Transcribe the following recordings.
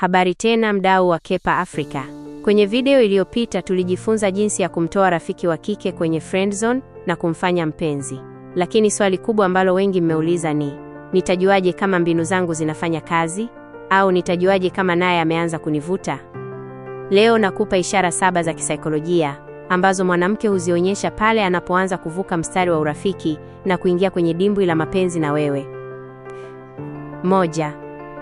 Habari tena mdau wa Kepa Africa. Kwenye video iliyopita tulijifunza jinsi ya kumtoa rafiki wa kike kwenye friend zone na kumfanya mpenzi, lakini swali kubwa ambalo wengi mmeuliza ni nitajuaje kama mbinu zangu zinafanya kazi, au nitajuaje kama naye ameanza kunivuta? Leo nakupa ishara saba za kisaikolojia ambazo mwanamke huzionyesha pale anapoanza kuvuka mstari wa urafiki na kuingia kwenye dimbwi la mapenzi na wewe. Moja.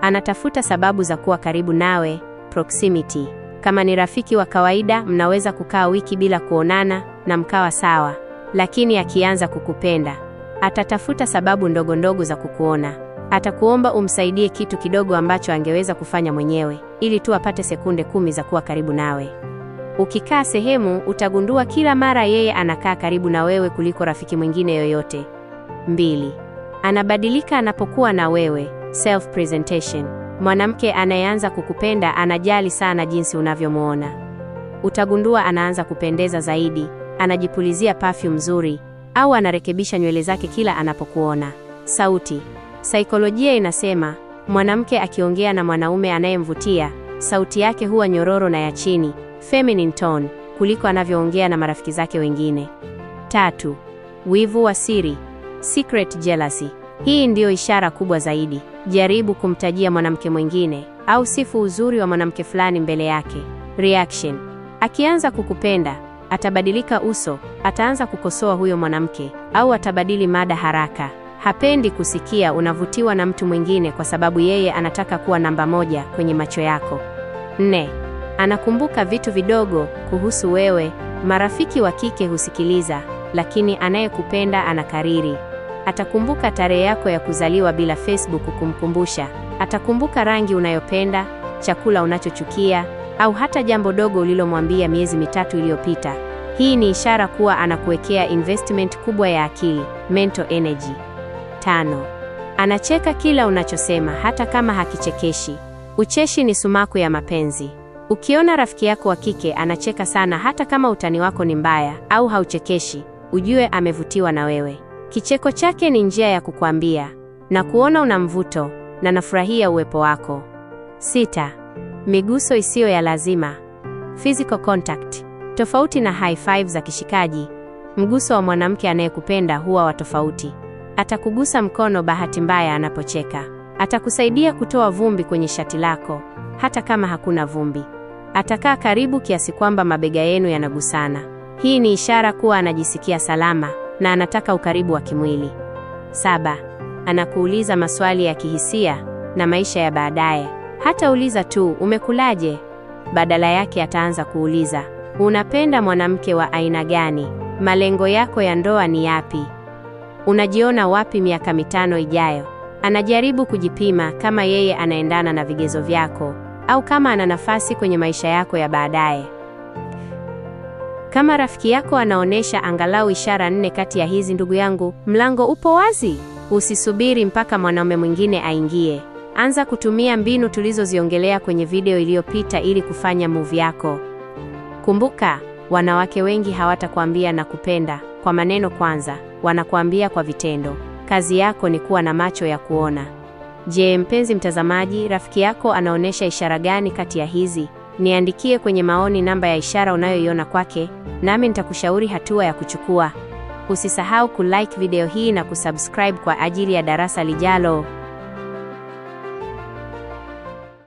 Anatafuta sababu za kuwa karibu nawe, proximity. Kama ni rafiki wa kawaida, mnaweza kukaa wiki bila kuonana na mkawa sawa, lakini akianza kukupenda, atatafuta sababu ndogo ndogo za kukuona. Atakuomba umsaidie kitu kidogo ambacho angeweza kufanya mwenyewe, ili tu apate sekunde kumi za kuwa karibu nawe. Ukikaa sehemu, utagundua kila mara yeye anakaa karibu na wewe kuliko rafiki mwingine yoyote. Mbili, anabadilika anapokuwa na wewe. Self presentation. Mwanamke anayeanza kukupenda anajali sana jinsi unavyomuona. Utagundua anaanza kupendeza zaidi, anajipulizia perfume nzuri au anarekebisha nywele zake kila anapokuona. Sauti. Saikolojia inasema mwanamke akiongea na mwanaume anayemvutia, sauti yake huwa nyororo na ya chini, feminine tone, kuliko anavyoongea na marafiki zake wengine. Tatu. Wivu wa siri, secret jealousy. Hii ndiyo ishara kubwa zaidi. Jaribu kumtajia mwanamke mwingine au sifu uzuri wa mwanamke fulani mbele yake. Reaction: akianza kukupenda, atabadilika uso, ataanza kukosoa huyo mwanamke au atabadili mada haraka. Hapendi kusikia unavutiwa na mtu mwingine kwa sababu yeye anataka kuwa namba moja kwenye macho yako. Nne, anakumbuka vitu vidogo kuhusu wewe. Marafiki wa kike husikiliza, lakini anayekupenda anakariri. Atakumbuka tarehe yako ya kuzaliwa bila Facebook kumkumbusha. Atakumbuka rangi unayopenda, chakula unachochukia, au hata jambo dogo ulilomwambia miezi mitatu iliyopita. Hii ni ishara kuwa anakuwekea investment kubwa ya akili, mental energy. Tano, anacheka kila unachosema hata kama hakichekeshi. Ucheshi ni sumaku ya mapenzi. Ukiona rafiki yako wa kike anacheka sana hata kama utani wako ni mbaya au hauchekeshi, ujue amevutiwa na wewe. Kicheko chake ni njia ya kukwambia na kuona una mvuto na nafurahia uwepo wako. Sita, miguso isiyo ya lazima, physical contact. Tofauti na high five za kishikaji, mguso wa mwanamke anayekupenda huwa wa tofauti. Atakugusa mkono bahati mbaya anapocheka, atakusaidia kutoa vumbi kwenye shati lako hata kama hakuna vumbi, atakaa karibu kiasi kwamba mabega yenu yanagusana. Hii ni ishara kuwa anajisikia salama na anataka ukaribu wa kimwili. Saba, anakuuliza maswali ya kihisia na maisha ya baadaye. Hata uliza tu umekulaje, badala yake ataanza kuuliza unapenda mwanamke wa aina gani? Malengo yako ya ndoa ni yapi? Unajiona wapi miaka mitano ijayo? Anajaribu kujipima kama yeye anaendana na vigezo vyako au kama ana nafasi kwenye maisha yako ya baadaye. Kama rafiki yako anaonyesha angalau ishara nne kati ya hizi, ndugu yangu, mlango upo wazi. Usisubiri mpaka mwanaume mwingine aingie. Anza kutumia mbinu tulizoziongelea kwenye video iliyopita ili kufanya move yako. Kumbuka, wanawake wengi hawatakwambia kupenda kwa maneno kwanza, wanakuambia kwa vitendo. Kazi yako ni kuwa na macho ya kuona. Je, mpenzi mtazamaji, rafiki yako anaonyesha ishara gani kati ya hizi? Niandikie kwenye maoni namba ya ishara unayoiona kwake, nami nitakushauri hatua ya kuchukua. Usisahau kulike video hii na kusubscribe kwa ajili ya darasa lijalo.